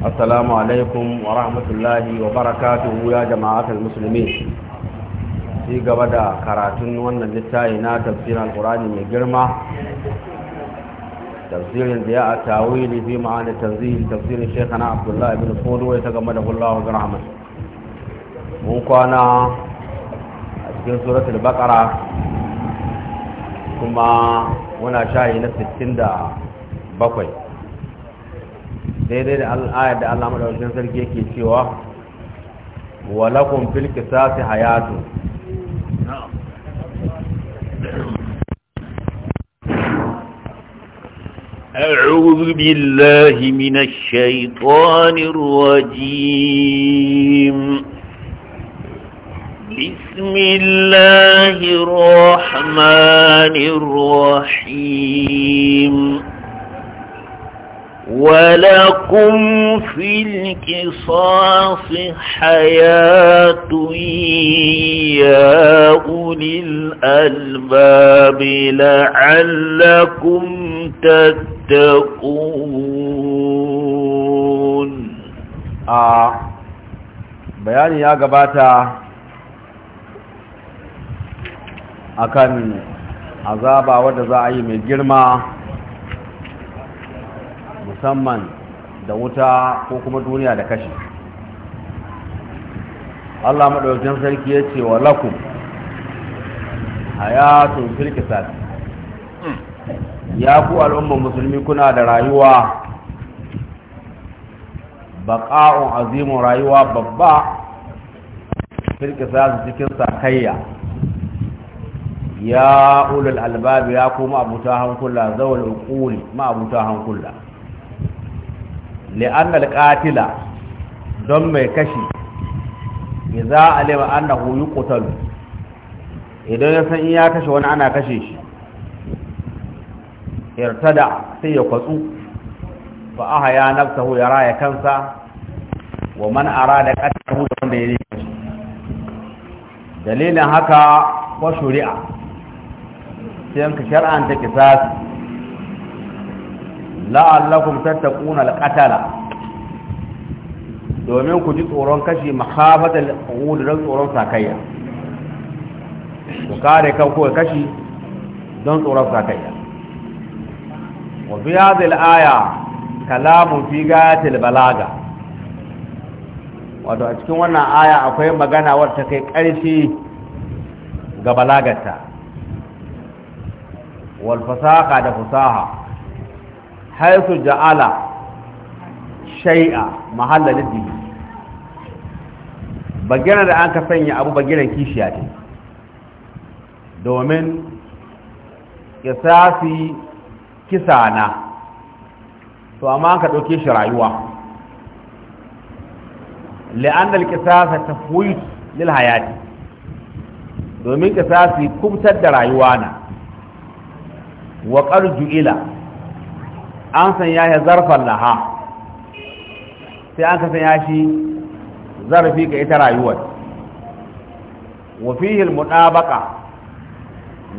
assalamu alaikum wa rahmatullahi wa barakati ya jama'atul musulmi shi gaba da karatun wannan littafi na tafsirin alqurani mai girma tafsirin da ya a tawili fi ma'ana tanzihin tafsirin shekana abdullahi bin fodo ta game da kullahu bin mun kwana a cikin suratul Bakara kuma muna shayi na bakwai. daidai da al'ayar da Allah madaukakin sarki yake cewa walakum fil qisasi hayatu أعوذ بالله من الشيطان الرجيم بسم الله الرحمن الرحيم ولكم في القصاص حياة يا أولي الألباب لعلكم تتقون آه. bayani ya gabata akan azaba wadda za a yi mai girma musamman da wuta ko kuma duniya da kashi Allah maɗaukin sarki ya ce wa lakum hayatun filkisar ya ku al'ummar musulmi kuna da rayuwa baƙa'un azimin rayuwa babba filkisar cikin sakayya ya ulul albabi ya kuma abuta hankula zawal ukuli ma abuta hankula li'anna al-qatila don mai kashi idza alima annahu yuqtalu idan ya san in ya kashe wani ana kashe shi irtada sai ya kwatsu fa ya nafsahu ya raya kansa wa man arada qatluhu da wanda ya kashe dalilin haka wa shuri'a sai an ka shar'an ta la'allakum tattaquna al-qatala domin ku ji tsoron kashi mahafatal qud ran tsoron sakayya ku kare kan ku kashi don tsoron sakayya wa fi hadhihi al-aya kalamun fi gayatil balaga wato a cikin wannan aya akwai magana wadda kai karshe ga balagarta wal fasaha da fasaha haisu ja'ala shai'a mahalla liddihi bagiran da an ka sanya abu bagiran kishiya ce domin kisasi kisa na to amma ka ɗauke shi rayuwa la'annal kisasa tafwit lil hayati domin kisasi kubtar da rayuwa na wa ju'ila an sanya ya zarfan laha sai an ka sanya shi zarafi ga ita rayuwar wafihil mudabaka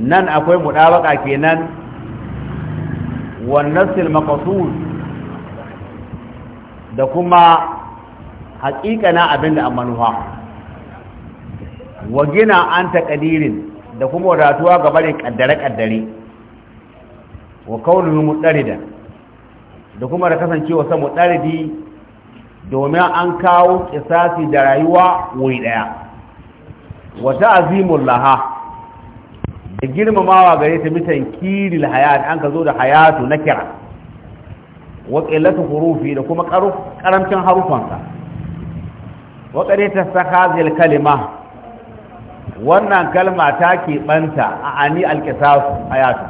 nan akwai mudabaka kenan wannan maqsud da kuma haƙiƙana abin da amanuwa wa gina an taƙadirin da kuma wadatuwa ga barin ƙaddare-ƙaddare wa kaunin mutsari da da kuma da kasancewa samu ɗaridi domin an kawo ƙisasi da rayuwa wuri ɗaya wata azimun laha da girmamawa gare ta mitan kiril hayat an ka zo da hayatu na kira wa hurufi da kuma ƙaramcin harufansa wa ta saka zil kalima wannan kalma ta keɓanta a ani alƙisasu hayatu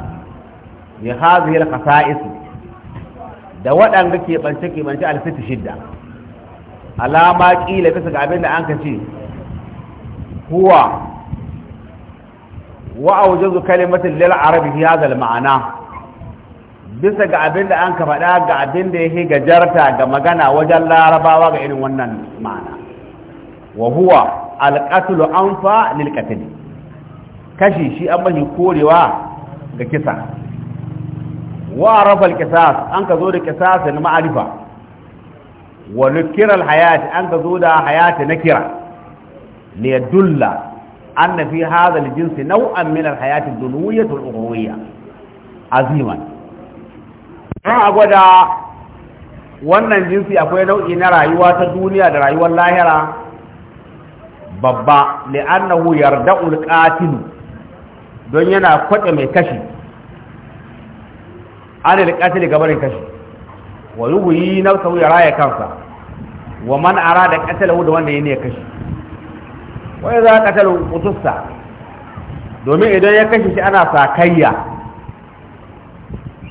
bi hazihi isu. da waɗanda keɓance keɓance alfiti shidda alama ƙila bisa ga abin da an ka ce huwa wa aujazu kalimatin lil arabi fi hadha ma'ana bisa ga abin da an ka faɗa ga abin da yake gajarta ga magana wajen larabawa ga irin wannan ma'ana wa huwa alqatlu anfa lil qatl kashi shi an mahi korewa ga kisa وعرف الكساس أنك زود إنما المعرفة ونكر الحياة أنك زود حياة نكرة ليدل أن في هذا الجنس نوعا من الحياة الدنوية الأخوية عظيما أقول وأن الجنس أقول nau'i إن rayuwa ta duniya da rayuwar lahira babba li'annahu yarda'ul qatil don yana kwaɗe anil qatl gabarin kashi wa na nafsahu ya raya kansa wa man da qatlahu da wanda ne kashi a idza da qutussa domin idan ya kashi shi ana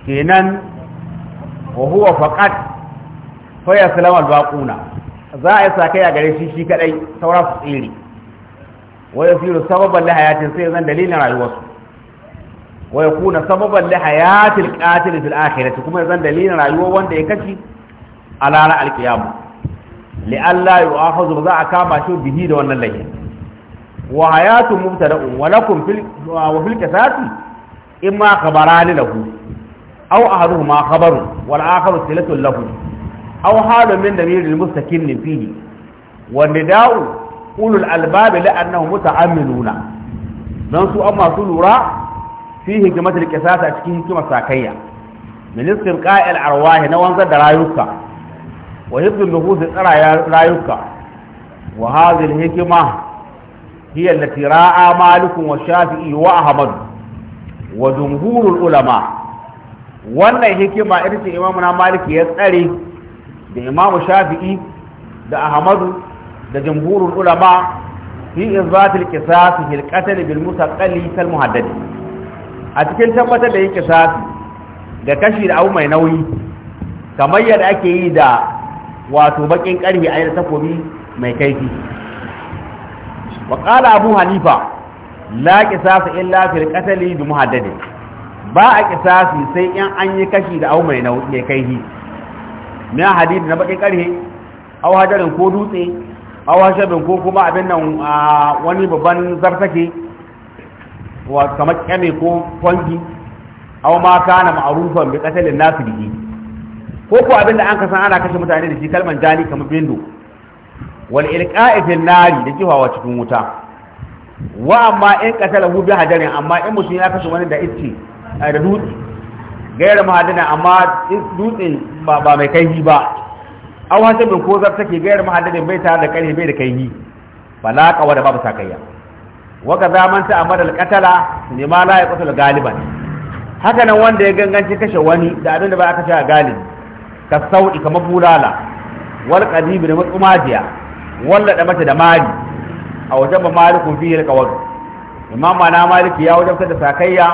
Ke kenan wa huwa faqat fa salama al-baquna za a yi kayya gare shi shi kadai saura su tsiri wa yasiru sababan lahayatin sai zan dalilin rayuwarsu wa yakuna sababan li hayatil qatil fil akhirati kuma zan dalilin rayuwar wanda ya kashi a ranar alkiyama li Allah yu'akhadhu ba za a kama shi bihi da wannan laifi wa hayatu mubtada'un wa lakum fil wa fil qisasi imma khabarani lahu aw ahaduhuma khabaru wal akharu silatun lahu aw halu min damir al mustakin fihi wa nida'u ulul albab la'annahum muta'ammiluna dan su amma su lura fi hikimatul qisas a cikin hikimar sakayya min istinqa'il arwahi na wanzar da rayuka wa hibdul nufus tsara rayuka wa hikima hiya allati ra'a malik wa shafi'i wa ahmadu wa jumhurul ulama wannan hikima ita ce imamu na maliki ya tsare da imamu shafi'i da ahmadu da jumhurul ulama fi izbatil qisas fil qatl bil musaqqali kal muhaddad a cikin tabbatar da yin kisasi da kashi da abu mai nauyi kamar yadda ake yi da wato bakin karfe a yadda takobi mai kaifi wa abu hanifa la qisasa in lafiyar qatl da muhaddadi, ba a qisasi sai in an yi kashi da abu mai nauyi mai kaifi na hadidi na bakin karfe au hadarin ko dutse aw hashabin ko kuma abin nan ah, wani babban zartake kamar kyame ko kwangi aw ma kana ma'rufan bi qatlin nas bihi ko ko abin da an kasan ana kashe mutane da shi kalman jani kamar bindo wal ilqa'i fil nari da kifawa cikin wuta wa amma in qatalahu bi hadarin amma in musu ya kashe wani da ice eh, da dutse gaira mahadana amma dutse ba mai kaihi ba aw hasabin ko zar take gaira mahadanin bai tare da kaihi bai da kaihi bala kawa da babu sakayya waka zaman ta amara alqatala ne ma la yaqtul galiban haka nan wanda ya ganganci kashe wani da abin da ba a kashe galibi ka saudi ka bulala wal qadibi da matsumajiya wallaɗa da mata da mali a wajen maliku fihi alqawad imam mana maliki ya wajen da sakayya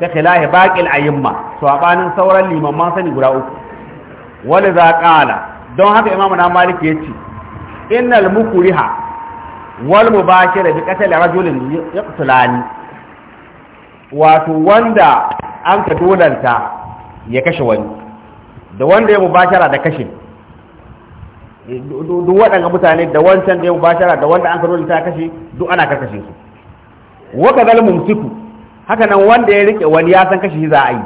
da khilahi baqil ayyimma sabanin sauran limaman sani guda uku Wani za don haka imam na maliki ce. innal mukuriha wal mubashira bi qatl rajulin yaqtulani wato wanda an ka dolanta ya kashe wani da wanda ya mubashara da kashe duk waɗanda mutane da wancan da ya mubashara da wanda an ka dolanta ya kashe duk ana karkashe su waka zal mumsiku haka nan wanda ya rike wani ya san kashe za a yi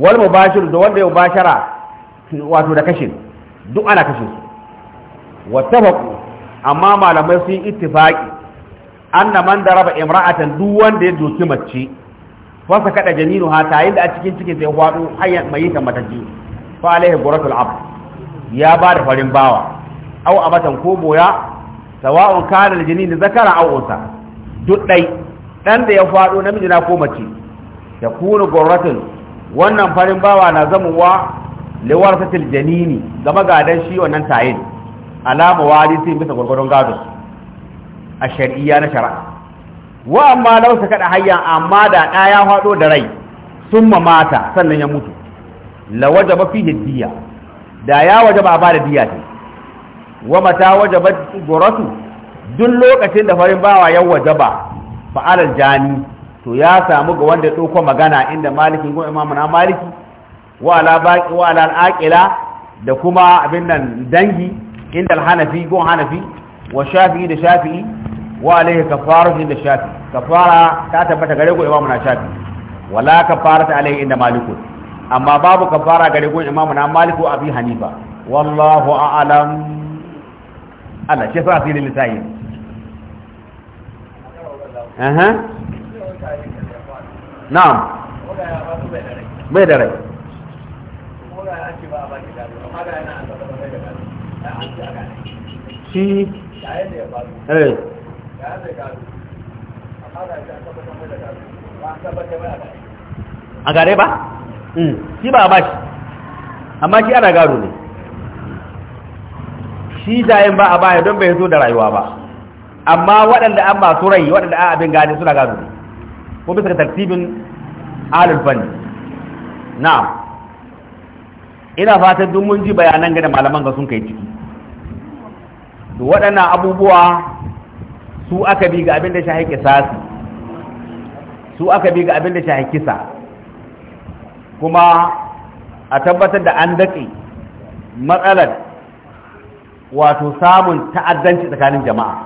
wal mubashir da wanda ya mubashara wato da kashe duk ana kashe su wattafaqu amma malamai sun ittifaki anna man daraba imra'atan duk wanda ya doki mace fa saka da janinu ha ta yinda a cikin cikin sai hwado hayya mai ta mataji fa alaihi guratul abd ya ba da farin bawa aw abatan ko boya sawa'un kana aljanin zakara aw unsa duk dai dan da ya faɗo, namiji na ko mace ya kunu guratul wannan farin bawa na zamuwa liwarsatil janini ga gadan shi wannan tayin alama warisi bisa gurgurun gado a shari'a na shara. wa amma law saka da hayyan amma da da ya faɗo da rai summa mata sannan ya mutu la wajaba fi diya da ya wajaba ba da diya ce wa mata wajaba gurasu duk lokacin da farin bawa ya wajaba fa alal jani to ya samu ga wanda ya ɗauko magana inda maliki ko imamu na maliki wa ala baqi da kuma abin nan dangi inda alhanafi, hanafi gon hanafi wa shafi'i da shafi'i wa alaihi kafaratu inda shafi'i kafara ta tabbata gare go imamu na shafi. wala kafarata alaihi inda maliku amma babu kafara gare go imamu na maliku abi hanifa wallahu a'lam Allah shi sa asirin lisayi aha na'am bai da rai bai da rai shi eh. a gare ba? Hmm. shi ba a ba shi amma shi ana gado ne shi jayen ba a baya don bai zo da rayuwa ba amma waɗanda an masu rai waɗanda an abin gane suna gado ne ko bisa tartibin alul fanni ina fatan duk mun ji bayanan ga malaman ga sun kai ciki waɗannan abubuwa su aka bi ga abin da shahi kisasi su aka bi ga abin da shahi kisa kuma a tabbatar da an daƙe matsalar wato samun ta'addanci tsakanin jama'a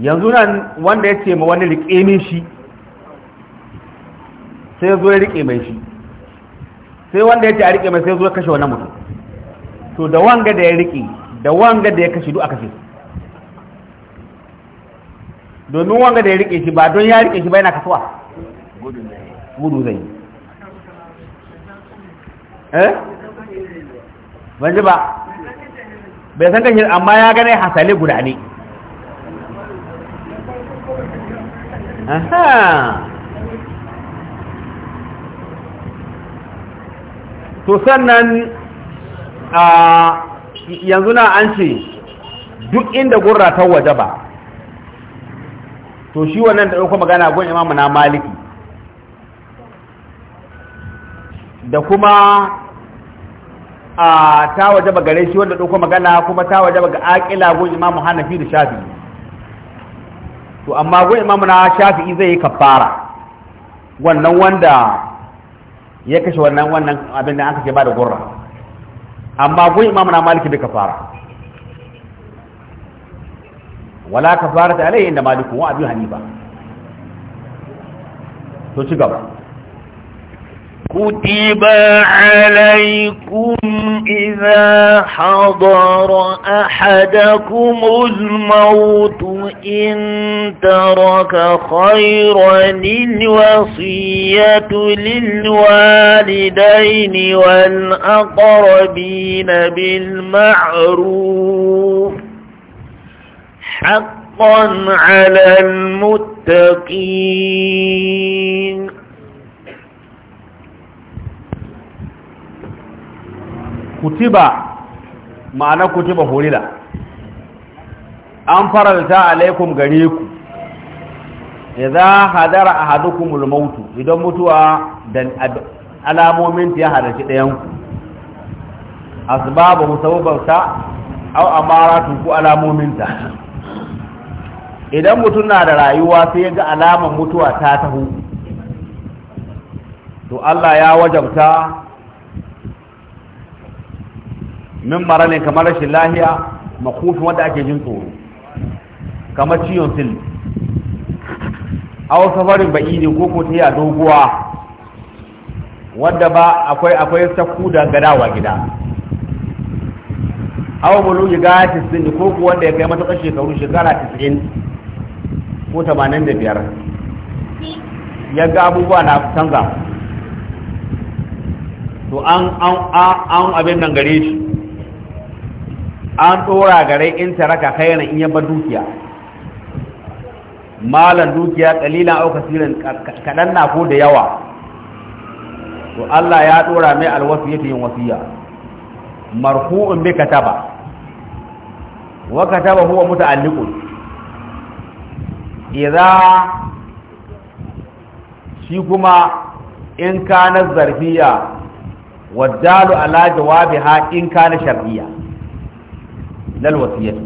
yanzu nan wanda ya ce ma wani riƙe min shi sai ya zo ya riƙe mai shi sai wanda ya ce a riƙe mai sai ya zo ya kashe wani mutum to da wanga da ya riƙe da wanga da ya kashe duk aka kashe domin wanga da ya rike shi ba don ya rike shi ba yana kasuwa gudu zai eh ban ji ba bai san kashe amma ya gane hasale guda ne to sannan a ah, yanzu na an ce duk inda gurra ta waje ba to shi wannan da ɗauka magana gun imamu na maliki da kuma a ta waje ba gare shi wanda ɗauko magana kuma ta waje ba ga aƙila gun imamu hanafi da shafi to amma gun imamu na shafi zai yi kafara wannan wanda ya kashe wannan wannan abin da an kashe ba da gurra amma gun imamu na maliki bai fara, wala kafara ta alai inda maliku wa abu hanifa to ci gaba كتب عليكم إذا حضر أحدكم الموت إن ترك خيرا للوصية للوالدين والأقربين بالمعروف حقا على المتقين kutiba ma'ana kutiba horila an faranta alaikum gare ku idza hadara ahadukumul mautu idan mutuwa dan alamomin ya hadarci ɗayan ku asbabu musabbabta aw amaratu ku alamomin ta idan mutum na da rayuwa sai ya ga alaman mutuwa ta taho to Allah ya wajabta min mara ne kamar rashin lahiya makufin wanda ake jin tsoro kamar ciwon sil wasu safarin ba'i ne ko ko ta doguwa wadda ba akwai akwai sakku da gadawa gida aw gaya ga 90 ko ko wanda ya kai matakan shekaru shekara 90 ko 85 ya ga abubuwa na canza to an an an abin nan gare shi an ɗora gare in taraka khairan in yabba dukiya malan dukiya kalilan au kasiran kadan na ko da yawa to Allah ya ɗora mai alwasiyatu yin wasiya marfu'un bi kataba wa kataba huwa muta'alliqun idza shi kuma in kana zarfiya wadalu ala jawabiha in kana shar'iyya lal wasiyati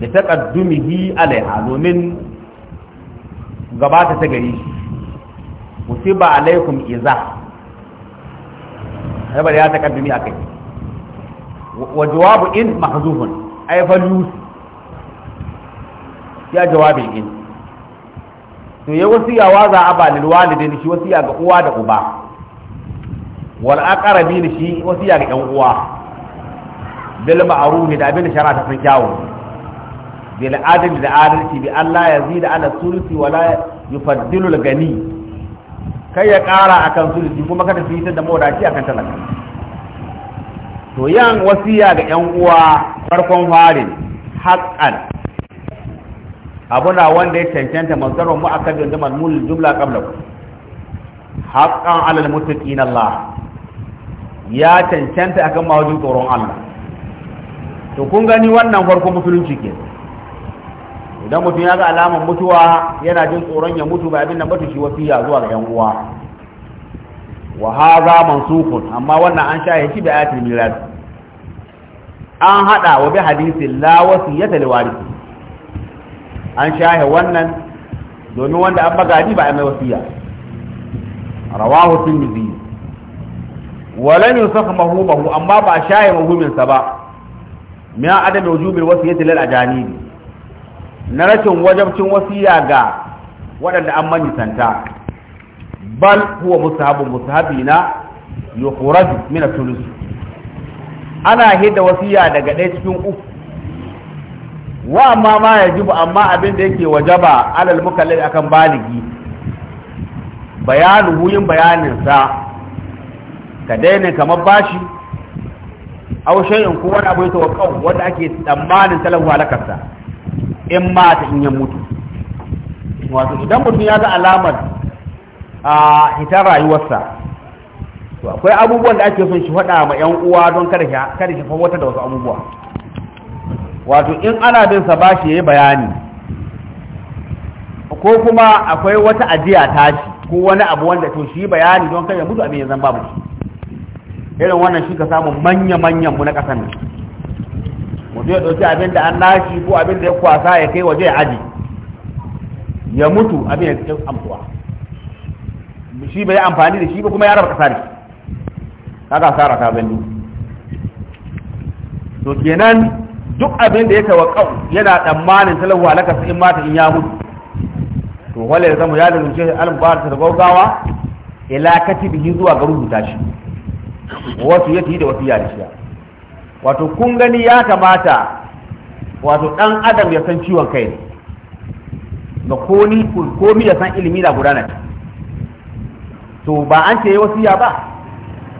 da taqaddumihi alaiha domin gabata ta gari musiba alaikum iza habar ya taqaddumi akai wa jawabu in mahzufun ay ya jawabin in to ya wasiya wa za a ba lil shi wasiya ga uwa da uba wal aqrabin shi wasiya ga yan uwa bil ma'ruf da abin da shari'a ta san kyawu bil adl da adalci bi Allah ya zida ala sulsi wala yufaddilu al gani kai ya kara akan sulsi kuma ka tafi yi da mawadaci akan talaka to yan wasiya ga yan uwa farkon farin haqqan abuna wanda ya cancanta mu mu'akkadun da malmul jumla qabla haqqan ala al muttaqin Allah ya cancanta akan mawajin tsoron Allah to kun gani wannan farko musulunci ke idan mutum ya ga alamar mutuwa yana jin tsoron ya mutu ba abin da mutu shi wasiya zuwa ga yan uwa wa hadha mansukun amma wannan an sha shi da ayatul miras an hada wa bi hadisi la wasiyata li warisi an shahe wannan domin wanda an bagadi ba a mai wasiya rawahu tirmidhi wa lam yusakh mahumahu, amma ba ya mahuminsa ba min adam wujubil wasiyati lil ajanibi na rashin wajabcin wasiya ga waɗanda an manyisanta bal huwa mustahabun mustahabi na yukhraju min at-thuluth ana hidda wasiya daga ɗaya cikin uku wa amma ma yajibu amma abin da yake wajaba alal mukallaf akan baligi bayanu huyin bayanin sa ka daina kamar bashi aw shay'in ko wani abu ya tawakkau wanda ake tsammanin talahu halakarsa in ma ta in ya mutu wato idan mutum ya ga alamar a hitar rayuwarsa to akwai abubuwan da ake son shi faɗa ma yan uwa don kada shi kada shi fawata da wasu abubuwa wato in ana bin sa bashi yayi bayani ko kuma akwai wata ajiya tashi ko wani abu wanda to shi bayani don kada mutu abin ya zan babu shi irin wannan shi ka samu manya-manyan mu na ƙasar nan mutum ya ɗauki abin da an lashi ko abin da ya kwasa ya kai waje ya aji ya mutu abin ya cikin amfuwa shi bai amfani da shi ba kuma ya raba ƙasa ne kaga sara ta zandu to kenan duk abin da ya tawakkau yana tsammanin talawa su in mata in ya mutu to wale ya zama ya da zuciya al-mubarak da gaugawa ila katibi zuwa ga rubuta shi wasu yi da wasu ya da wato kun gani ya kamata wato ɗan adam ya san ciwon kai ne ga komi ya san ilimi na gudana to ba an ce ya ba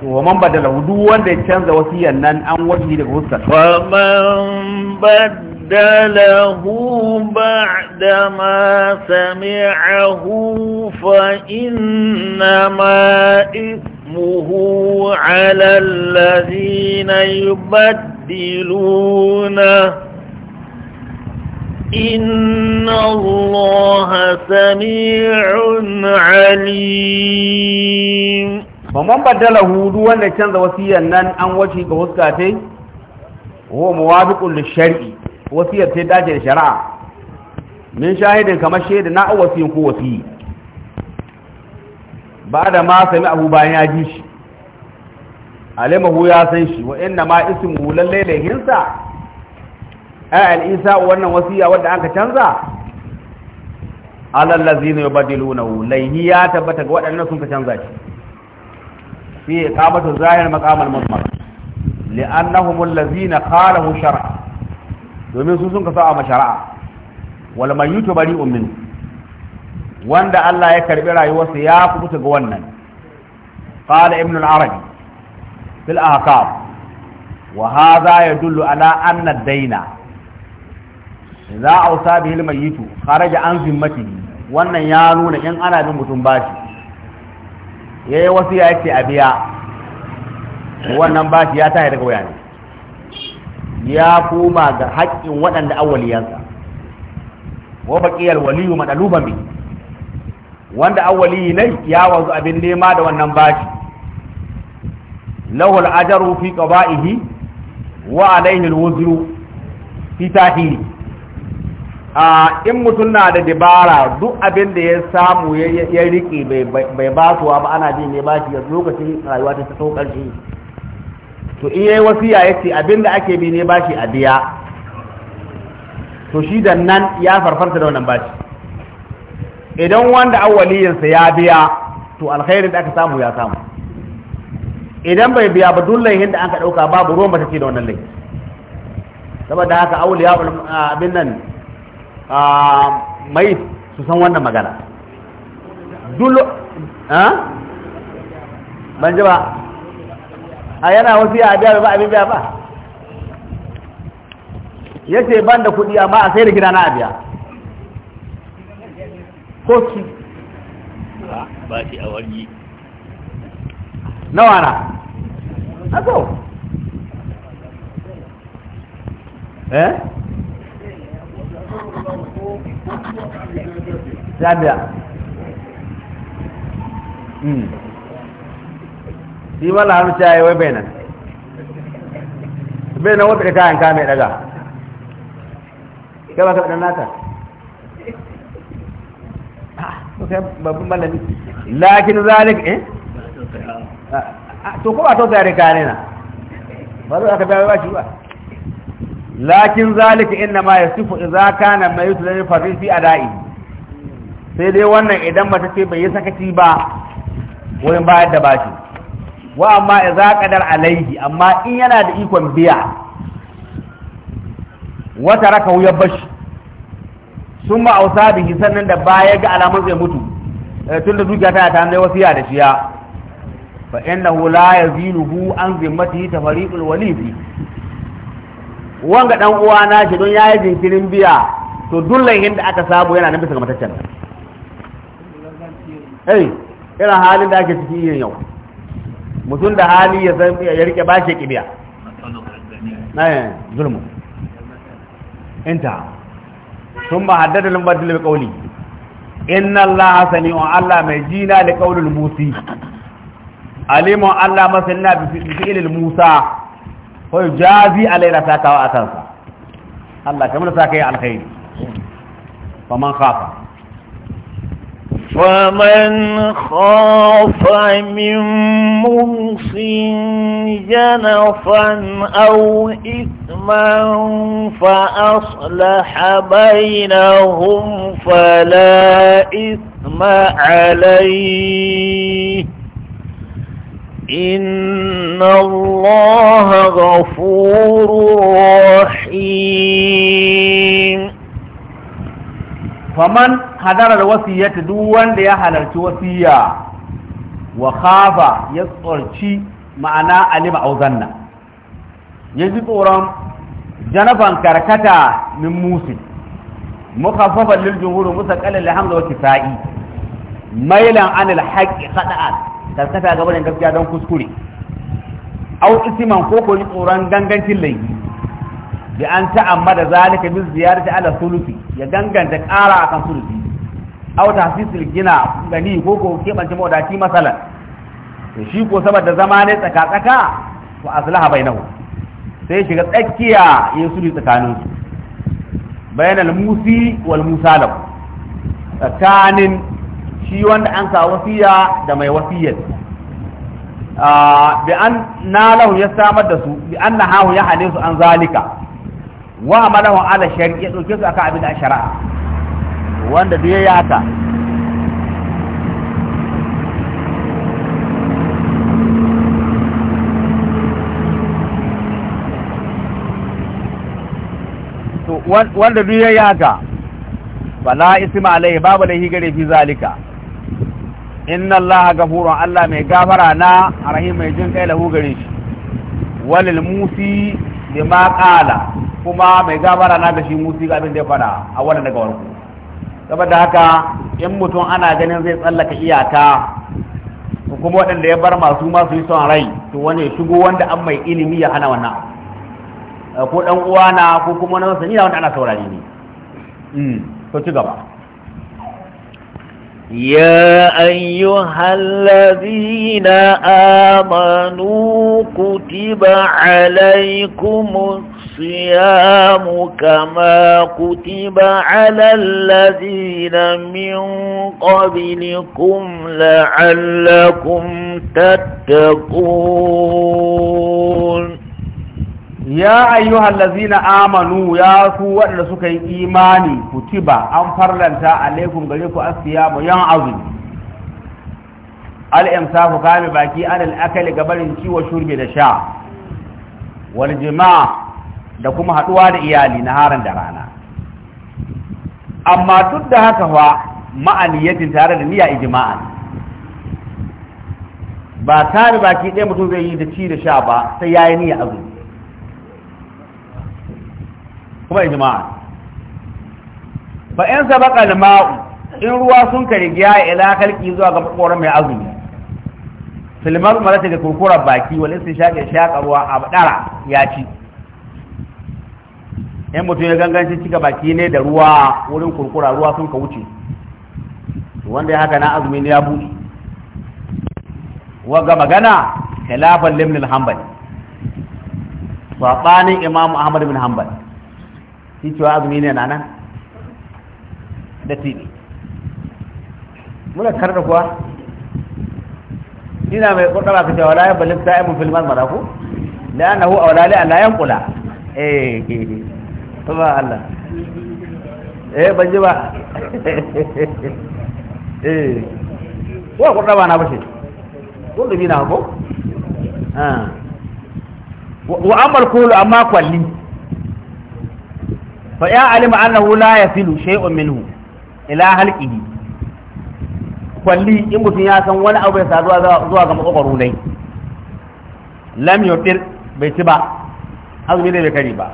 to wa man badala duk wanda ya canza wasiyan nan an wasi daga huskar fa man badala بدله بعدما سمعه فإنما إثم إثمه على الذين يبدلونه إن الله سميع عليم فمن بدله دون لكنز وسيا نان أن وجهك وسكاتي هو موافق للشرع وسيا تداجر شرع من شاهد كما شهد ناء وسيا كو وسيا ba da ma sami abu bayan ya ji shi alimahu ya san shi wa inna ma ismu lalle laihinsa ai al-isa wannan wasiya wanda aka canza alal ladzina yubadilunahu laihi ya tabbata ga waɗannan sun ka canza shi fi iqamatu zahir maqamal mudmar li'annahum allazina qalahu shar'a domin su sun ka sa'a ma shar'a wal mayyutu bari'un minhu wanda Allah ya karbi rayuwarsa ya kubuta ga wannan qala ibn al-arabi fil ahqaf wa hadha yadullu ala anna ad-dayna idza awsa bihi al-mayyit kharaja an zimmatihi wannan ya nuna in ana bin mutum bashi yayi wasiya yace a biya wannan bashi ya tashi daga wayani ya koma ga haƙƙin waɗanda awwaliyansa wa baqiyal waliyu madaluban bihi wanda awali ne ya wanzu abin nema da wannan bashi lahul ajru fi qaba'ihi wa alayhi alwuzru fi tahiri a in mutum na da dabara duk abin da ya samu ya rike bai basuwa ba ana ji ne bashi a lokacin rayuwa ta ta karshe to in yayi wasiya yace abin da ake bi ne bashi a biya to shi da nan ya farfarta da wannan bashi idan wanda awwaliyinsa ya biya to alkhairin da aka samu ya samu idan bai biya ba duk laihin da aka dauka babu ruwan ta ce da wannan laifi saboda haka awliya abin nan mai su san wannan magana dulo ban ji ba a yana wasu ya biya ba abin biya ba ya ce ban da kuɗi amma a sai da gida na a biya Koki? ba shi a wani nawa na azo eh zabiya hmm shi wala hannu a yi wai benin nan wata da kayan kame daga gaba ka ɗan nata babban malami lakin zalik eh ah, ah, to ko ba to tare kare na ba zo aka bayar ba shi ba lakin zalik inna ma yasifu idza kana mayitu lil farid fi ada'i sai dai wannan idan mata ce bai yi sakaci ba wurin bayar da bashi wa amma idza qadar alaihi amma in yana da ikon biya wa taraka ya bashi sun a ausa bihi sannan da baya ga alamun zai mutu eh, tun da dukiya ta ta mai wasiya da shiya fa innahu la yazinuhu an zimmatihi tafariqul walidi wanga dan uwa na shi don yayi jinkirin biya to dullan inda aka sabo yana nan bisa ga mataccen eh irin halin da ake ciki yin yau mutum da hali ya san ya rike bashi kibiya na eh, zulmu inta ثم حدد المبدل بقولي إن الله سميع الله جينا لقول الموسي علم الله مثلنا بفعل الموسى هو جازي على رساك وأتنسى الله كمل ساكي يا الخير فمن خاف فمن خاف من موسي جنفا أو إثما فأصلح بينهم فلا إثم عليه إن الله غفور رحيم faman hadarar wasiyyata duk wanda ya halarci wasiya wa ya tsorci ma'ana alima auzanna ya ji tsoron janaban karkata min Muka mukhaffafan lil jumhur mustaqallan li hamza wa kisa'i mailan anil haqqi qada'an karkata gaba da gaskiya don kuskure au isiman ko ko tsoron gangancin laifi bi an ta'ammada zalika bi ziyarati ala sulusi ya ganganta ƙara akan sulusi au tahsisil gina gani ko ko kebance mawadaci masalan to shi ko saboda zama ne tsaka tsaka to aslaha bainahu sai shiga tsakiya ya sulhu tsakanin su bainal musi wal musalab tsakanin shi wanda an ka wasiya da mai wasiyar bi an nalahu ya samar da su bi an nahahu ya hane su an zalika wa amalahu ala shari'a dauke su akan abin da shari'a wanda duk ya haka. wanda duk yayi haka fala isma alai babu lahi gare fi zalika inna allaha ghafurun allah mai gafara na rahim mai jin kai lahu gare shi walil musi bima qala kuma mai gafara na da shi musi ga abin da ya a wannan daga warku saboda haka in mutum ana ganin zai tsallaka iyaka kuma waɗanda ya bar masu masu yi son rai to wani shigo wanda an mai ilimi ya hana wannan ko dan uwa na ko kuma na masani da wanda ana saurare ni mm to ci gaba يا أيها الذين آمنوا كتب عليكم الصيام كما كتب على الذين من قبلكم لعلكم تتقون ya ayyuhal lazina amanu ya ku waɗanda suka yi imani kutiba an farlanta alaikum gare ku mu yan azumi al-imsaku kame baki alal akali gabarin ciwo shurbe da sha wal jima'a da kuma haɗuwa da iyali na haran da rana amma duk da haka fa ma'aniyatin tare da niyya ijma'an ba tare baki ɗaya mutum zai yi da ci da sha ba sai yayi niyya azumi kuma ijma'a fa in sabaqa al-ma'u in ruwa sun ka rigiya ila kalki zuwa ga kokoran mai azumi filmar mara ta kurkura baki wani sun shaƙe shaƙa ruwa a ɗara ya ci in mutum ya gangancin cika baki ne da ruwa wurin kurkura ruwa sun ka wuce wanda ya haka na azumi ne ya buɗe waga magana khilafan limnil hanbal saɓanin imamu ahmad bin hanbal shi cewa azumi ne na nan da tibi mula kar da kuwa ina mai kokara ka ce wala ya balin sa'imun fil mazmara ku la annahu awla li alla yanqula eh ba Allah eh ban ji ba eh wa bana ba na ko da bi na ko ah wa amal kullu amma kwalli fa ya alima annahu la yasilu shay'un minhu ila halqihi kwalli in mutum ya san wani abu ya saduwa zuwa ga makwakwaro nai, lam yutir bai ci ba azumi ne bai kari ba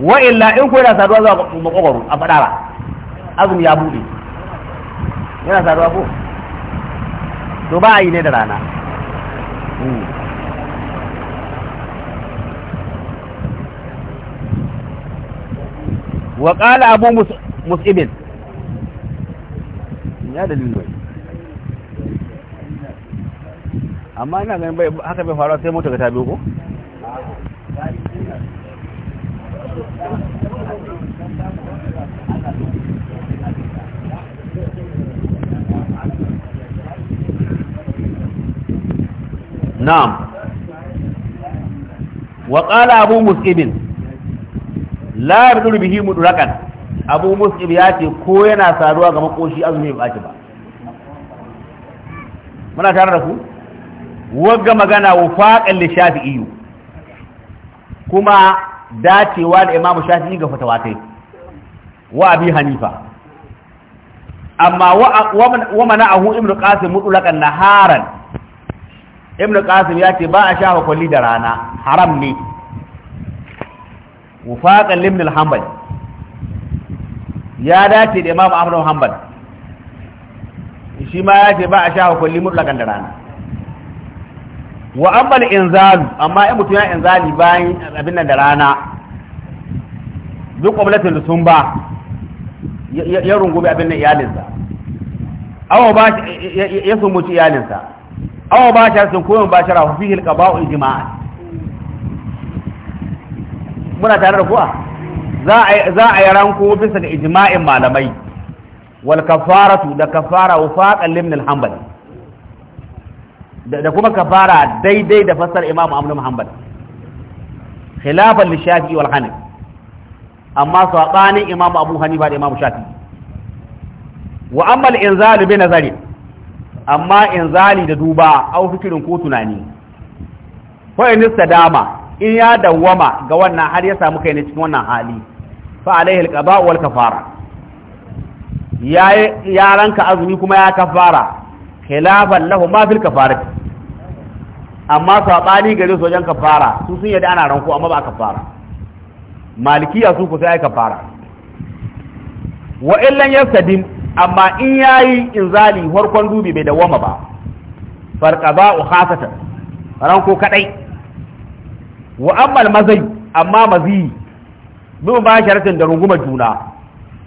wa illa in ko yana saduwa zuwa ga a fada ba azumi ya buɗe yana saduwa ko to ba a yi ne da rana hmm. wa qala abu mus'ibin ya dalilin bai amma ina ganin bai haka bai faruwa sai mota ga ta biyo ko na'am abu mus'ibin la yardur bihi mudrakan abu muslim ya ce ko yana saruwa ga makoshi azumi ba ba muna tare da ku wagga magana wufaqan li shafi'i kuma dacewa da imamu shafi'i ga fatawatai wa abi hanifa amma wa mana'ahu ibnu qasim mudrakan naharan ibnu qasim ya ce ba a shafa kulli da rana haram ne wufaqan limn al-hanbal ya dace da imam ahmad hanbal shi ma ya ce ba a sha kulli mutlakan da rana wa ambal inzalu amma in mutum ya inzali bayan abin nan da rana duk kwamlatin da sun ba ya rungumi abin nan iyalinsa awa ba ya sumuci iyalinsa awa ba shi sun koyon ba shi rahu fi hilka ba'u ijma'a muna tare da kuwa za a yi ranko bisa ga ijma'in malamai wal kafaratu da kafara wufaqan limn al hanbal da kuma kafara daidai da fasar Imam amnu muhammad khilafan lishafi wal hanif amma sabanin imam abu hanifa da imam shafi wa amma al inzalu bi nazari amma inzali da duba au fikirin ko tunani ko in dama in ya dawwama ga wannan har ya samu kai ne cikin wannan hali fa alaihi alqaba wal kafara ya yaran ka azumi kuma ya kafara khilafan lahu ma fil kafarati amma sabani gare su wajen kafara su sun yadda ana ranko amma ba kafara malikiya su ku sai ai kafara wa illan yastadim amma in yayi inzali farkon dubi bai dawwama ba farqaba khasatan ranko kadai wa ammal mazai amma mazi bin ba sharatin da runguma juna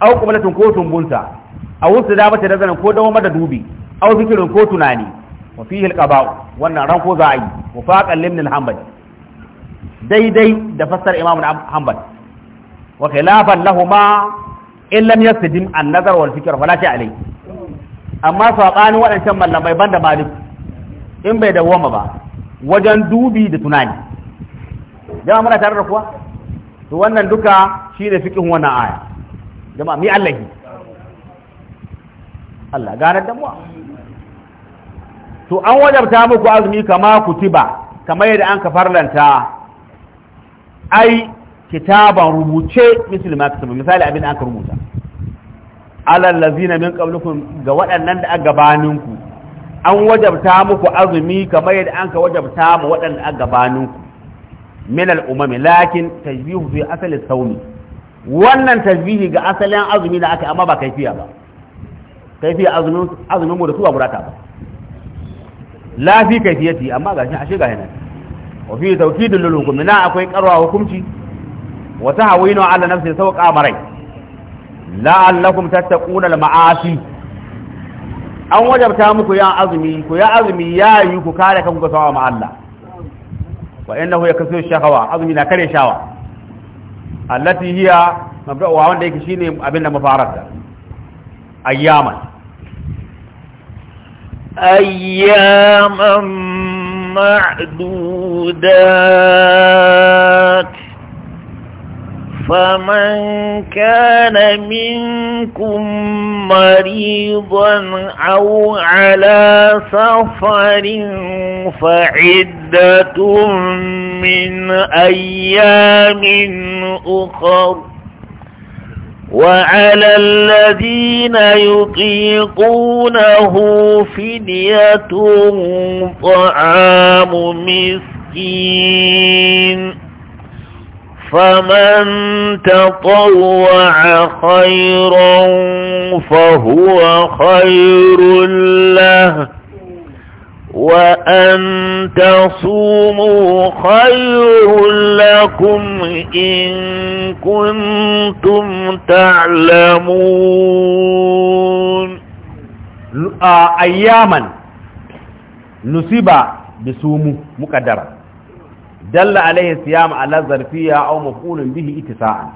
au kumalatin ko tumbunsa a wasu da bata nazarin ko dawo mata dubi au zikirin ko tunani wa fihi alqaba wannan ran ko za a yi mufaqan limnil hanbal daidai da fassar imam hanbal wa khilafan lahuma in lam yasdim an nazar wal fikr fala shay alai amma sabanin wadancan mallamai banda malik in bai dawoma ba wajen dubi da tunani jama'a muna tare da kuwa to wannan duka shine fikin wannan aya jama'a mi Allah Allah ganar da mu to an wajabta muku azumi kama kutiba kamar yadda an ka farlanta ai kitaban rubuce misali ma kitabu misali abin an ka rubuta alal lazina min qablukum ga waɗannan da aka gabaninku an wajabta muku azumi kamar yadda an ka wajabta mu waɗanda aka gabaninku min al'umami lakin tajbihu fi asali saumi wannan tajbihi ga asalin azumi da aka amma ba kaifiya ba kaifiya azumin azumin mu da suwa burata ba la fi kaifiyati amma ga shi ashe ga yana wa fi tawkidul lil hukm na akwai karwa hukunci wa tahawinu ala nafsi sawqa marai la'allakum tattaquna al ma'asi an wajabta muku ya azumi ku ya azumi ya yi ku kare kanku ga sawa ma Allah wa innahu yakasu shahawa azumi na kare shawa allati hiya mabda'u wa wanda yake shine abinda mafarata ayyaman ayyaman ma'dudat فمن كان منكم مريضا أو على سفر فعدة من أيام أخر وعلى الذين يطيقونه فدية طعام مسكين فمن تطوع خيرا فهو خير له وأن تصوموا خير لكم إن كنتم تعلمون آه، أياما نصيب بسومه مقدرا dalla alaihi siyam ala zarfiya aw maf'ulun bihi ittisa'an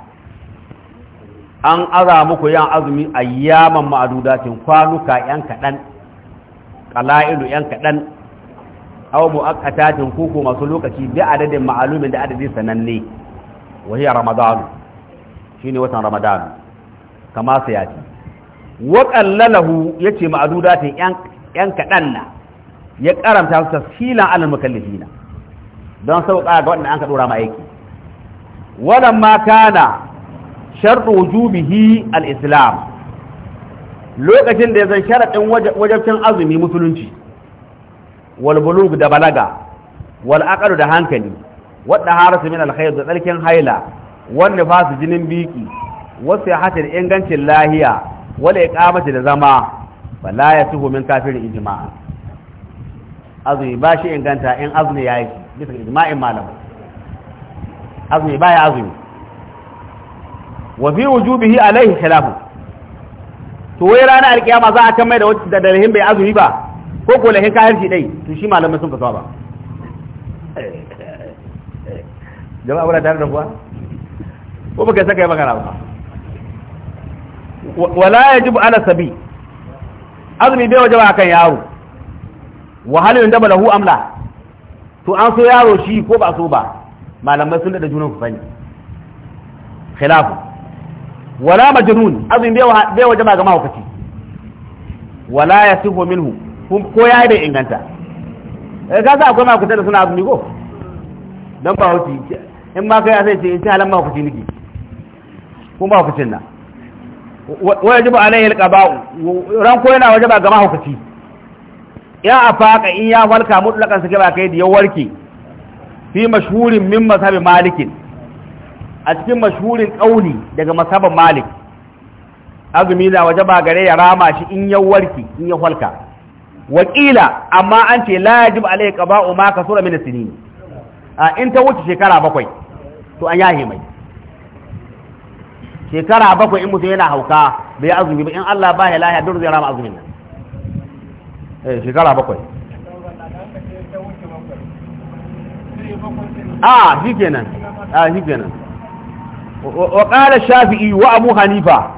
an aza muku yan azumi ayyaman ma'adudatin kwanuka yan kadan qalailu yan kadan aw muaqqatatin kuku masu lokaci bi adadin ma'lumin da adadin sananne wa hiya ramadan shine watan ramadan kama sayati wa qallalahu yace ma'adudatin yan yan kadan na ya karanta su tafsilan alal mukallifina don sauƙa ga waɗanda an ka ɗora ma aiki walamma kana sharɗu wujubihi al-islam lokacin da ya zan sharaɗin wajabcin azumi musulunci wal bulug da balaga wal da hankali wadda harasu min al da tsarkin haila wan nifasu jinin biki wasu ya da ingancin lahiya wala iqamati da zama bala ya tuhu min kafirin ijma'a azumi ba shi inganta in azumi yayi bisa ijma'in malama azumi baya azumi wa fi wujubihi alaihi khilafu to wai ranar alkiyama za a kan mai da da dalihin bai azumi ba ko ko lahin kafirci dai to shi malamai sun kasawa ba jama'a wala tare da kuwa ko baka saka yi magana ba wala yajibu ala sabi azumi bai wajaba akan yaro wa halin da balahu amla to an so yaro shi ko ba so ba malamai sun da junan ku khilafu wala majnun azin bai waje ba ga mahaukaci wala yasihu minhu ko ya bai inganta eh ka sa akwai mahaukata da suna azumi ko dan ba hauci in ma kai sai ce in ci halan mahaukaci niki ko mahaukacin na wajibu alaihi alqaba ran ko yana waje ba ga mahaukaci ya afaka in ya walka mutlakan sake kira kai da ya warke fi mashhurin min mazhabi malikin a cikin mashhurin kauli daga masabin malik azumi na waje ba gare ya rama shi in ya warke in ya walka wakila amma an ce la yajib alai qada'u ma kasura min sinin a in ta wuce shekara bakwai to an yahe mai shekara bakwai in mutum yana hauka bai azumi ba in Allah ba ya lahiya dole zai rama azumin nan Eh, shekara bakwai a ah, shi nan a ah, shi nan wa ƙara shafi'i wa abu hanifa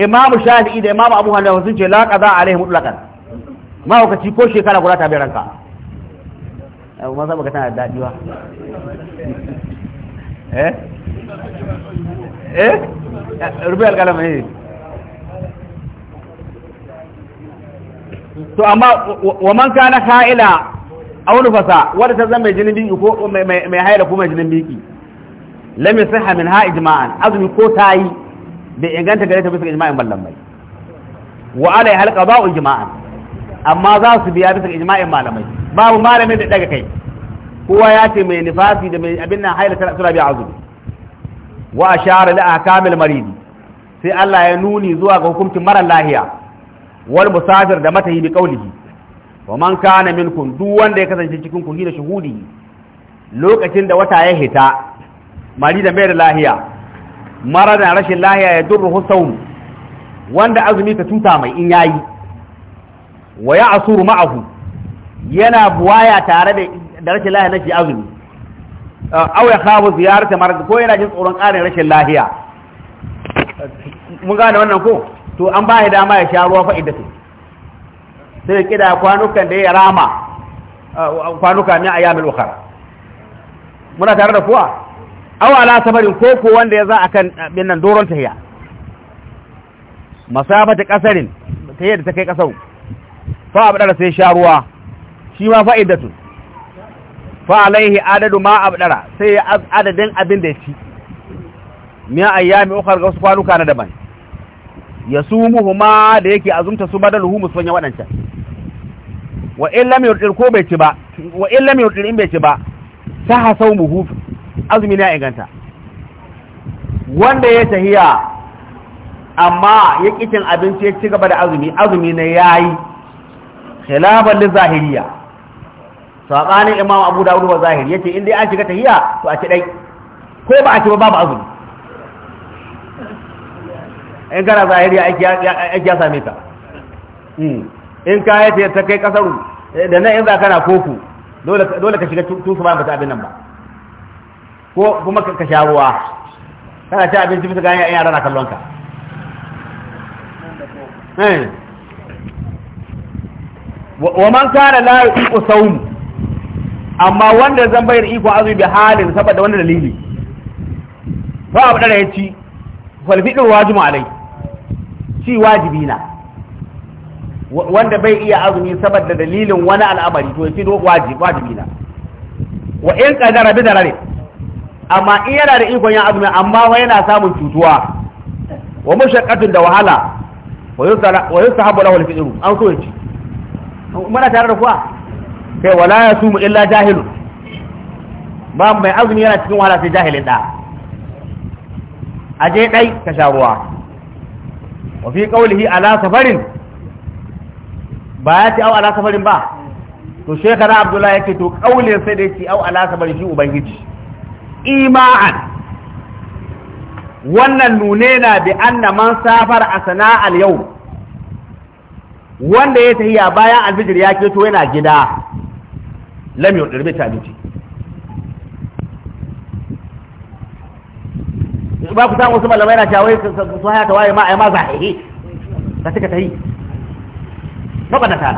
imamu shafi'i da imamu abu hanifa sun ce laƙa za a ma mutlaƙan mahaukaci ko shekara guda ta beranka eh, abu maza baka tana da daɗiwa eh eh, eh rubi alƙalamai to amma wa man kana ha'ila aw nufasa wanda ta zama mai jinin biki ko mai haila ko mai jinin biki lam yasihha min ha ijma'an azumi ko tayi bai inganta gare ta bisa ijma'in mai wa alai halqa ba ijma'an amma za su biya bisa ijma'in malamai babu malamin da daga kai kowa ya ce mai nifasi da mai abin nan haila suna biya azumi wa ashara li ahkamil maridi sai Allah ya nuni zuwa ga hukuncin mara lahiya wal musafir da matahi bi qawlihi wa man kana minkum duk wanda ya kasance cikin ku da shuhudi lokacin da wata ya hita mari da mai da lahiya mara da rashin lahiya ya durruhu sawm wanda azumi ta tuta mai in yayi wa ya asuru ma'ahu yana buwaya tare da rashin lahiya na nake azumi uh, aw ya khabu ziyarata marad ko yana jin tsoron karin rashin lahiya mun gane wannan ko to an ba dama ya sha ruwa fa idda sai sai kida kwanukan da ya rama uh, kwanuka min ayyamil ukhra muna tare da kuwa aw ala sabarin ko ko wanda ya za akan uh, bin nan doron tahiya masabata kasarin tahiya da ta kai kasau fa abdara sai sha ruwa shi ma fa'idatu fa alaihi adadu ma abdara sai adadin abin da ya ci min ayyami ukhra ga wasu kwanuka na daban ya sumuhu ma da yake azumta su badaluhu musanya waɗancan wa in lam yurɗir ko bai ci ba wa in lam yurɗir in bai ci ba ta hasau muhu azumi na inganta wanda ya tahiya amma ya kicin abinci ya ci gaba da azumi azumi na yi khilafan da zahiriya sabanin imam abu dawud wa zahiri yace in dai an shiga tahiya to a ci dai ko ba a ci ba babu azumi in kana zahiri aiki ya same ta hmm. in ka yi ta kai kasar eh, da nan in za kana koko dole ka shiga tusu ba mata abin nan ba ko kuma ka sha ruwa kana ci abinci bisa ganin yara na kallon ka eh. wa man kana la yuqu sawm amma wanda zan bayar iko azumi bi halin saboda wani dalili ba abu da ya ci falfiɗin wajibu alai shi wajibi na wanda bai iya azumi saboda dalilin wani al'amari to shi wajibi na wa in kadara bi darare amma in yana da ikon ya azumi amma wa yana samun cutuwa wa mushaqqatun da wahala wa yusahabu lahu al-fitr an so yace muna tare da kuwa kai wala yasumu illa jahilun ba mai azumi yana cikin wahala sai jahilin da a je ɗai ka sha ruwa wa fi qawlihi ala safarin ba ya ce au ala safarin ba to shekara abdullahi yake to kaulin sai da yake au ala safarin shi ubangiji ima'an wannan nune na bi anna man safar a sana'al yau wanda ya tahiya bayan alfijir ya keto yana gida lam yau dirbe ta miji ba ku samu wasu malamai na cewa su haya ta waye ma ai ma zahihi ta suka tahi saboda ta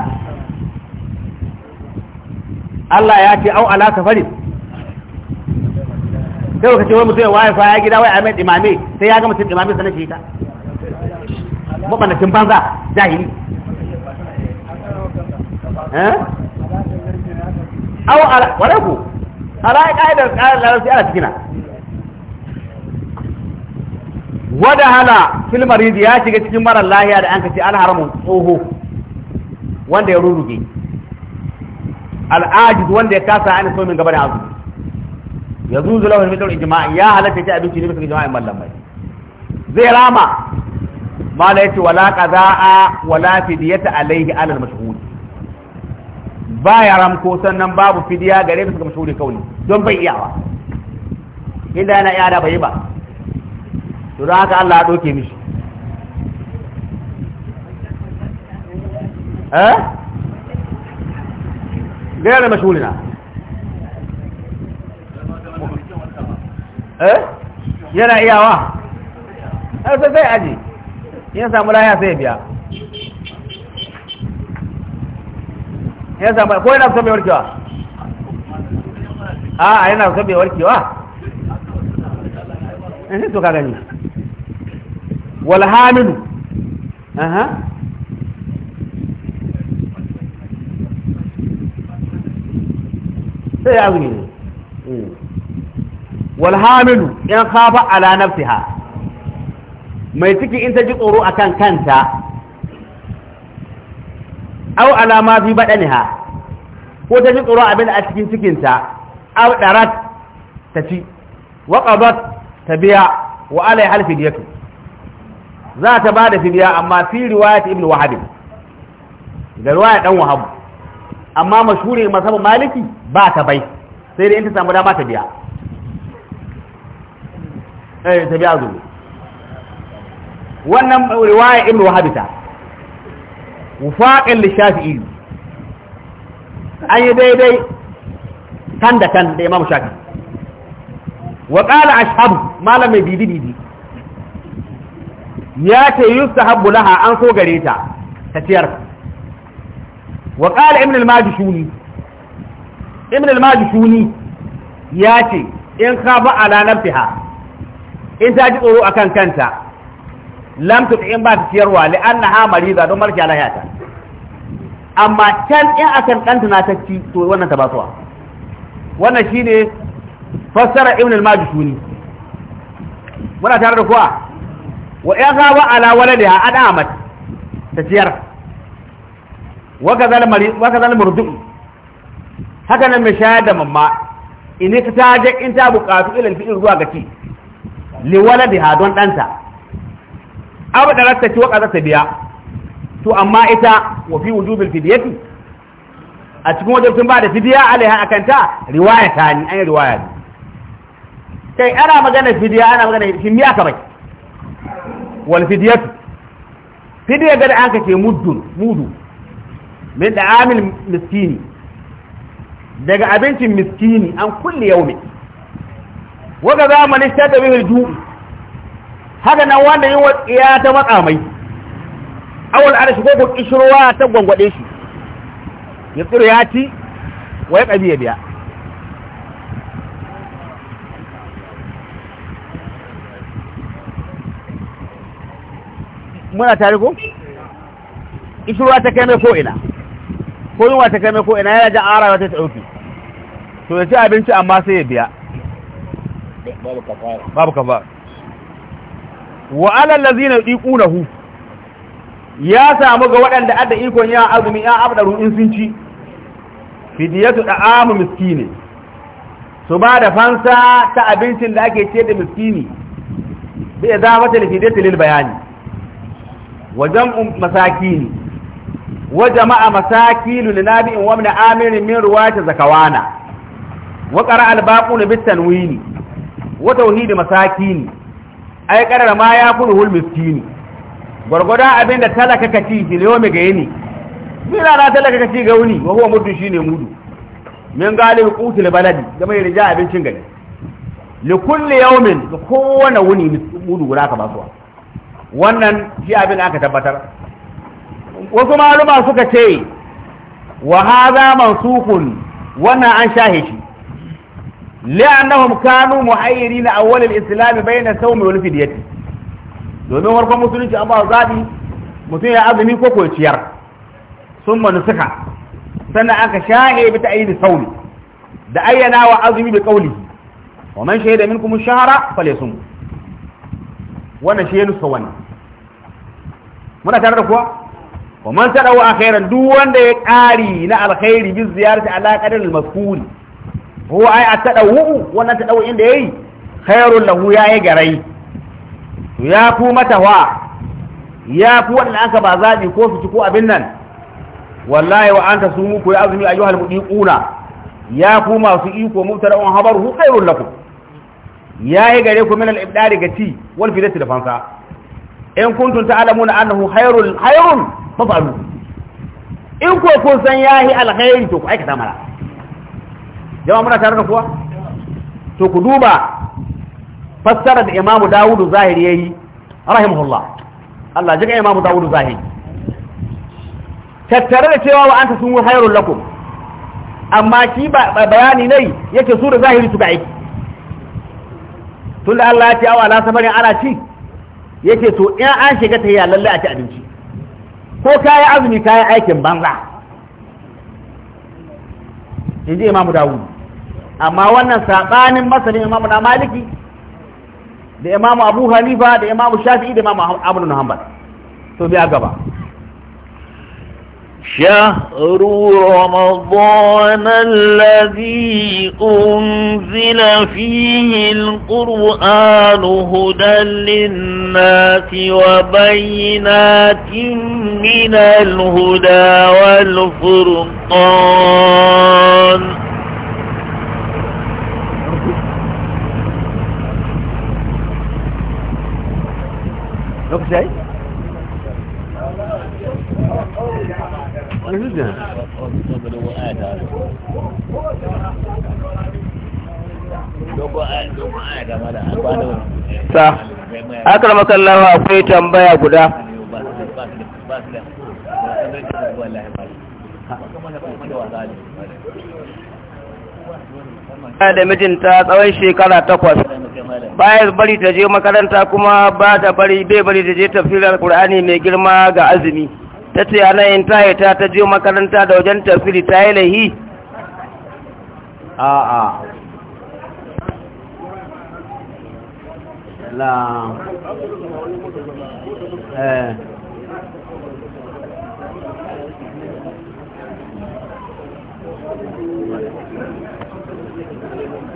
Allah ya ce au ala safari sai ka ce wai mutum ya waye fa ya gida wai a mai imame sai ya ga mutum imame sanin shi ta mabanatin banza jahili eh au ala wala ku ala ka'idar ka'idar larabci ala cikina wada hala fil ya shiga cikin marar lahiya da an kace alharamun tsoho wanda ya ruruge al'ajiz wanda ya kasa an so min gaba da azumi ya zuzu lahu mitul ijma'i ya halatta ta abinci ne bisa ijma'in mallamai zai rama mala yace wala qaza'a wala fidiyata alaihi alal mashhud ya ramko sannan babu fidiya gare bisa mashhudi kauli don bai iyawa inda yana iya da bai ba to don haka Allah ya doke mishi eh gairar mashulina eh yana iyawa eh, sai sai aji yin samu laya sai biya yin samu ko yana son warkewa a yana son warkewa in eh, to ka gani wal hamilu aha sai azumi hmm. ne mai ciki in ta ji tsoro akan kanta aw ala ma fi badaniha ko ta ji tsoro abin a cikin cikinta aw darat ta ci wa qadat ta biya wa alai halfi diyatu za ta ba da fidiya amma fi riwayat ibn wahab da riwaya dan wahab amma mashhuri masabu maliki ba ta bai sai dai in ta samu dama ta biya eh ta biya zuwa wannan riwaya ibn wahab ta wufaqan li shafi'i an yi daidai kan da kan da imam shafi'i wa qala ashab malam mai bidi ya ce yustahabbu laha an so gare ta ta ciyar wa qala ibn al-majishuni ibn al ya ce in khaba ala nafsiha in ta ji tsoro akan kanta lam in ba ta ciyarwa li annaha mariza don marke lahiyata amma can in akan kanta na ta ci to wannan ta basuwa wannan shine fassara ibn al-majishuni muna tare da kuwa wa ya zaba ala waladiha adamat ta ciyar wa kazal mari wa kazal murdu haka nan mai shayar da mamma in ta taje in ta buƙatu ilal fi'il zuwa ga ci li ya don danta abu da rasta ci waka zata ta biya to amma ita wa fi wujubil fidyati a cikin wajen ba da fidiya alaiha ta riwaya ta ni an riwaya ne kai ana magana fidiya ana magana shi miya ka bai wal fidiya ga da aka ce muddun mudu min da amil miskini daga abincin miskini an kulle yau ne waga zamanin shaɗa bihir ju haka nan wanda yi watsiya ta matsa mai awal arashi ko ko ta gwangwaɗe shi ya tsiro ya ci wa ya ƙabi ya biya muna tare ko ishirwa ta kai mai ko ina ko yunwa ta kai mai ko ina yana jan ara wata ta dauki to ya ci abinci amma sai ya biya babu fara wa alalla zina alal ladzina hu ya samu ga waɗanda adda ikon ya azumi ya abdaru in sun ci fidiyatu amu miskini su ba da fansa ta abincin da ake ce da miskini bi idafati lifidati lil bayani وجمع مساكين وجمع مساكين لنابئ ومن آمر من رواية زكوانا وقرأ الباقون بالتنوين وتوحيد مساكين أي قرر ما يأكله المسكين gwargwada abin da talaka ka ci shi yau ga yini mila na talaka ka ga wuni wa huwa mudu shine mudu min galibi qutul baladi da mai abincin gari li kulli yawmin kowane wuni mudu guda ka basuwa wannan shi abin aka tabbatar wasu maluma suka ce wa hadha mansukun wannan an shahe shi li'annahum kanu muhayyirina awwal al-islam bayna sawmi wal fidyati domin warkon musulunci an ba zabi mutum ya azumi ko ko ciyar sun manusuka sannan aka shahe bi ta'yin sawmi da ayyana wa azumi bi qawli wa man shahida minkum shahra falyasum wannan shi ya wannan muna tare da kuwa wa man tadawu akhiran duk wanda ya ƙari na alkhairi bi ziyarati ala qadar al-mas'ul huwa ay atadawu wannan tadawu inda yayi khairul lahu ya yi garai ya mata matawa ya ku wanda aka ba zabi ko fici ko abin nan wallahi wa anta sumu ku ya azumi ayyuhal mudiquna ya ku masu iko mubtara'un habaru khairul lakum ya yi gare ku min al-ibdari gati wal fidati da fansa in kuntum ta'lamuna annahu khairul khairun fafalu in ko kun san yahi alkhairi to ku aikata mara. jama'a muna tare da kuwa to ku duba fassara da Imam Dawud Zahiri yayi rahimahullah Allah jiga Imam Dawud Zahiri tattare da cewa wa anta sun khairul lakum amma ki bayani ne yake su da zahiri su ga aiki tunda Allah ya ce awa la sabarin ana ci yake to in an shiga ta yi lalle a ci abinci ko yi azumi yi aikin banza in ji imamu dawud amma wannan saɓanin masanin imamu na maliki da imamu abu hanifa da imamu shafi'i da imamu abu na hanbal to biya gaba شهر رمضان الذي أنزل فيه القرآن هدى للناس وبينات من الهدى والفرقان Okay. religion. Ta, aka rama akwai tambaya guda. Ba da mijinta tsawon shekara takwas. baya bari ta je makaranta kuma ba ta bari bai bari ta je tafiyar Qur'ani mai girma ga azumi ta ce a nan ta yi ta ta je makaranta da wajen tafili ta yi lahi a la eh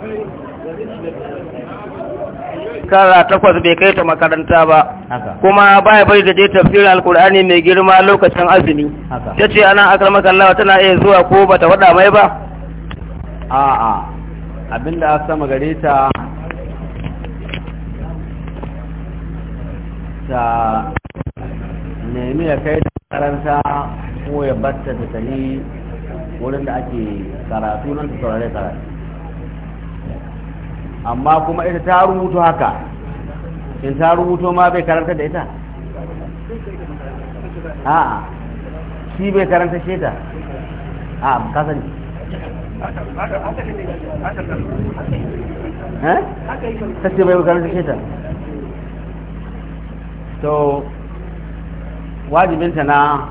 Thank you. shekara takwas bai kai ta makaranta ba kuma baya bari da je tafsirin alkur'ani mai girma lokacin azumi ta ce ana akramaka Allah tana iya zuwa ko bata faɗa mai ba a'a abinda a sama gare ta ta nemi ya kai ta makaranta ko ya batta ta tani wurin da ake karatu nan ta saurare karatu amma kuma ita ta rubuto haka in ta rubuto ma bai karanta da ita a shi bai karanta sheta a ka sani eh? ta ce bai karanta sheta to wajibinta na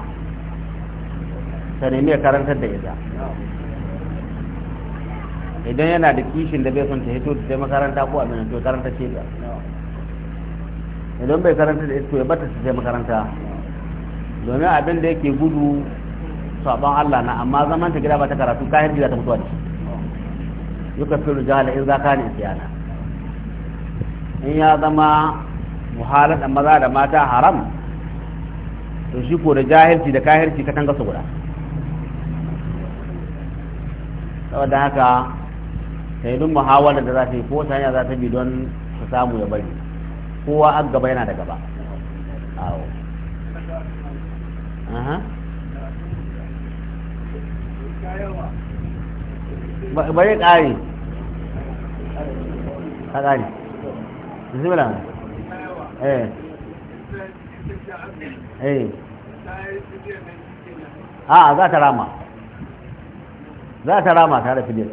ta nemi karantar da ita idan yana da kishin da bai son ta hito ta makaranta ko abin to karanta ce da idan bai karanta da ita ya bata ta sai makaranta domin abin da yake gudu saban Allah na amma zaman ta gida ba ta karatu ka hirji za ta mutuwa da yuka fi da in ka ne siyana in ya zama muhalar maza da mata haram to shi ko da jahilci da kahirci katanga su guda saboda haka sai duk muhawalar da za ta yi ko wata za ta bi don su samu ya bari kowa a gaba yana da gaba awo aha bari ƙari ka ƙari zibila eh eh a za ta rama za ta rama tare da fidiyar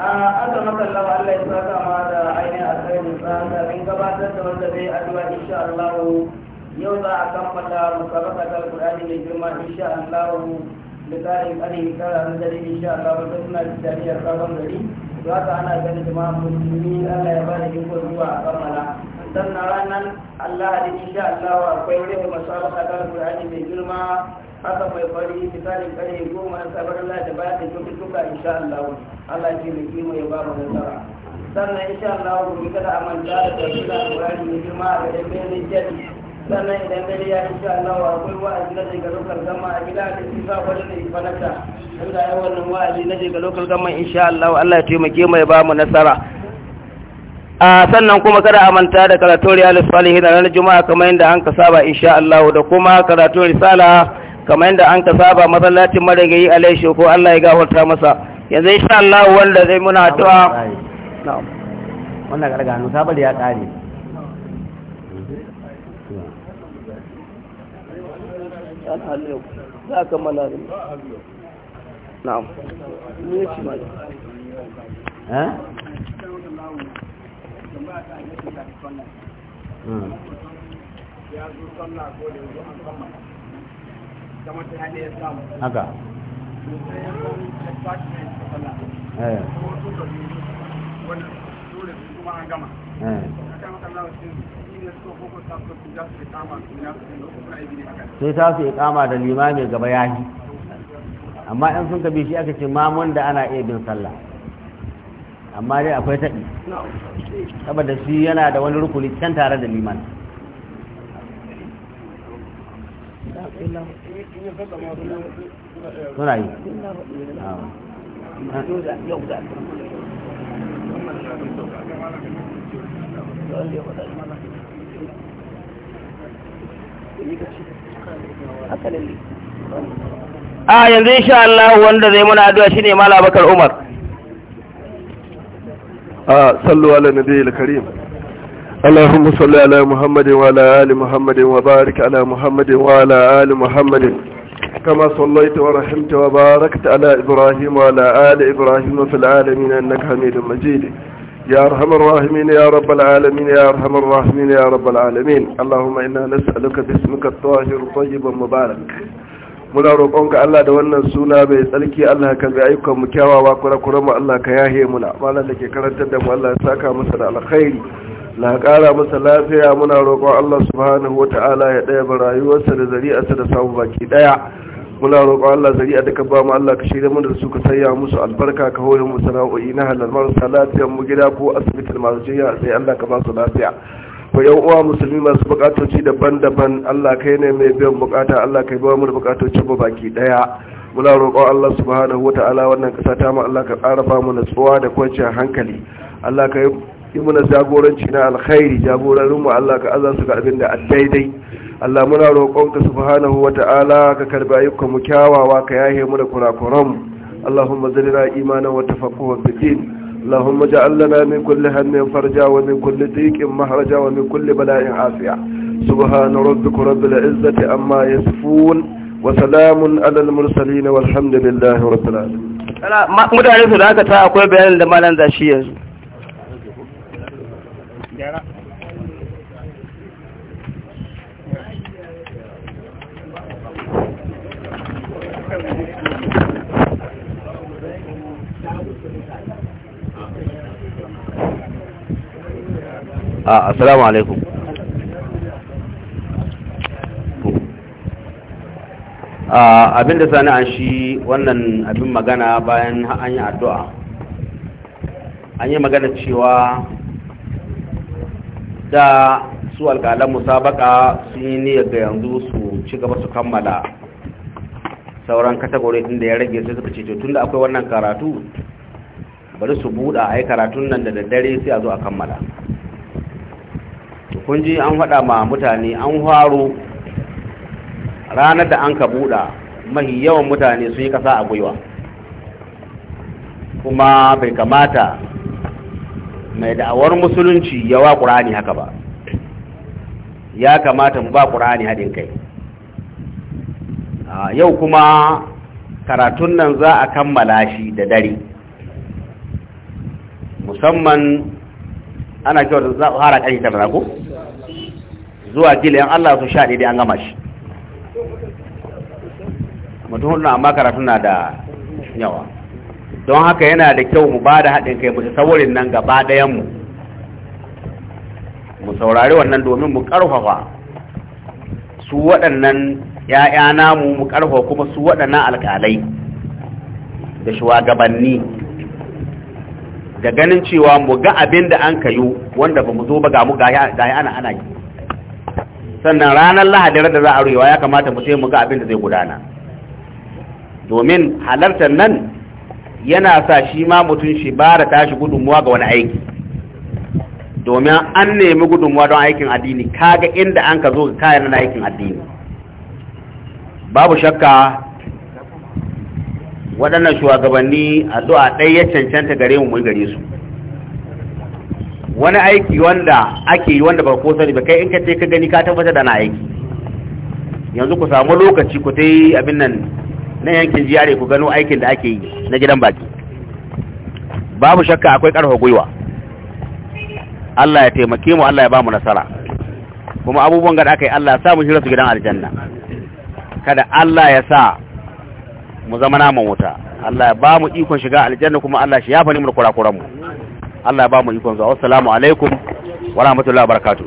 aka makalla wa Allah ya saka ma da ainihin alkhairin sa kafin gabatar da wanda zai addu'a insha Allah yau za a kammala musabaka ta alqur'ani mai girma insha Allah da tsarin ƙarin tara na dare insha Allah ba suna jami'ar sabon gari za ka ana ganin jama'a musulmi Allah ya bada iko zuwa a kammala sannan ranar Allah da insha Allah akwai wani musabaka ta alqur'ani mai girma haka mai fari misalin kare goma na sabar Allah da bayan da in sha Allah Allah ke mai kima ya ba mu nasara sannan sha Allah gobe kada a manta da tafsira Qur'ani mai girma a garin Benin Jadi sannan idan dare ya sha Allah akwai wa'azi na daga lokal gama a gida da sa wani da ifanata inda ya wannan wa'azi na daga lokal gama sha Allah Allah ya taimake mu ya ba mu nasara a sannan kuma kada a manta da karatun falihin na ranar juma'a kamar yadda an ka saba insha Allah da kuma karatun risala kamar yadda an ka saba masallacin marigayi alaihi ko Allah ya gafarta masa yanzu insha Allah wanda zai muna addu'a wannan karga gargano sabar ya kare za ka mana na'am ne shi mai eh ya zo sallah ko da yanzu an kammala haka eh. Eh. sai ta su ikama da limamin gaba yahi amma in sun kabi shi aka ce mamun da ana iya bin sallah amma dai akwai taɗi saboda shi yana da wani rukuni can tare da liman a ah, yanzu insha Allah wanda zai muna addu'a shine Malam Bakar Umar a ah, sallu ala nabiyil karim اللهم صل على محمد وعلى آل محمد وبارك على محمد وعلى آل محمد كما صليت ورحمت وباركت على إبراهيم وعلى آل إبراهيم في العالمين إنك حميد مجيد يا أرحم الراحمين يا رب العالمين يا أرحم الراحمين يا رب العالمين اللهم إنا نسألك باسمك الطاهر الطيب المبارك muna roƙonka Allah da wannan suna bai tsarki Allah ka bi ayyukan mu kyawawa kura kura mu Allah ka yahe muna malam da ke karantar da mu Allah ya saka masa da alkhairi na ƙara masa lafiya muna roƙon Allah subhanahu wa ta'ala ya ɗaya ba rayuwarsa da zari'arsa da samu baki ɗaya muna roƙon Allah zari'a da ka ba mu Allah ka shirya mu da su ka sanya musu albarka ka hoye mu sana'o'i na halal marasa lafiyar mu gida ko asibitin masu jiya sai Allah ka ba su lafiya ko yan uwa musulmi masu bukatoci daban-daban Allah kai ne mai biyan bukata Allah kai ba mu da bukatoci ba baki ɗaya muna roƙon Allah subhanahu wata'ala wannan ƙasa ta mu Allah ka ƙara ba mu natsuwa da kwanciyar hankali Allah ka yi yi muna jagoranci na alkhairi jagorarin mu Allah ka azan su ga da daidai Allah muna roƙonka subhanahu wa ka karbi ayyukan mu kyawawa ka yahe mu da kurakuran mu Allahumma zidna imanan wa tafaqquhan fi din اللهم اجعل لنا من كل هم فرجا ومن كل ضيق مهرجا ومن كل بلاء عافية سبحان ربك رب العزة أما يصفون وسلام على المرسلين والحمد لله رب العالمين mutane su da aka ta akwai bayanin da malam zashi yanzu a ah, assalamu alaikum ah, abin da sani an shi wannan abin magana bayan an yi addu'a an yi magana cewa da su alƙalan musabaka sun yi niyyar da yanzu su ci gaba su kammala sauran katagori inda ya rage sai suka ce tun da akwai wannan karatu bari su buɗa a yi karatun nan da daddare sai a zo a kammala kun ji an faɗa ma mutane an haro ranar da an ka buɗa mahi yawan mutane sun yi ƙasa a gwiwa kuma bai kamata mai da'awar musulunci yawa ƙurani haka ba ya kamata mu ba ƙurani haɗin kai ah, yau kuma karatun nan za a kammala shi da dare musamman ana kyau da za a fara ƙarfi ta ko? zuwa jil yan Allah su sha daidai an gama shi mutum hudu amma karatu na da yawa don haka yana da kyau mu ba da haɗin kai mu saurin nan gaba ɗayan mu mu saurari wannan domin mu ƙarfafa su waɗannan ‘ya'ya namu mu ƙarfafa kuma su waɗannan alƙalai da shugabanni da ganin cewa mu ga abin da an kayo wanda ba mu zo ba ga mu ga ana ana yi sannan ranar lahadin da za a ruwa ya kamata mu mu ga abin da zai gudana domin halartar nan yana sa shi ma mutum shi ba da tashi gudunmuwa ga wani aiki domin an nemi gudunmuwa don aikin addini kaga inda an ka zo ga kayan na aikin addini babu shakka waɗannan shugabanni addu'a ɗaya ya cancanta gare mu mun gare su wani aiki wanda ake yi wanda ba ko sani ba kai in ka ce ka gani ka tabbata da na aiki yanzu ku samu lokaci ku ta yi abin nan na yankin jiyare ku gano aikin da ake yi na gidan baki babu shakka akwai ƙarfa gwiwa Allah ya taimake mu Allah ya ba mu nasara kuma abubuwan gada aka yi Allah ya sa mu shirya su gidan aljanna kada Allah ya sa mu zama naman wuta Allah ya ba mu ikon shiga aljanna kuma Allah shi ya fani mu da kurakuran mu Allah ya ba mu ikon zuwa assalamu alaikum wa rahmatullahi wa barakatuh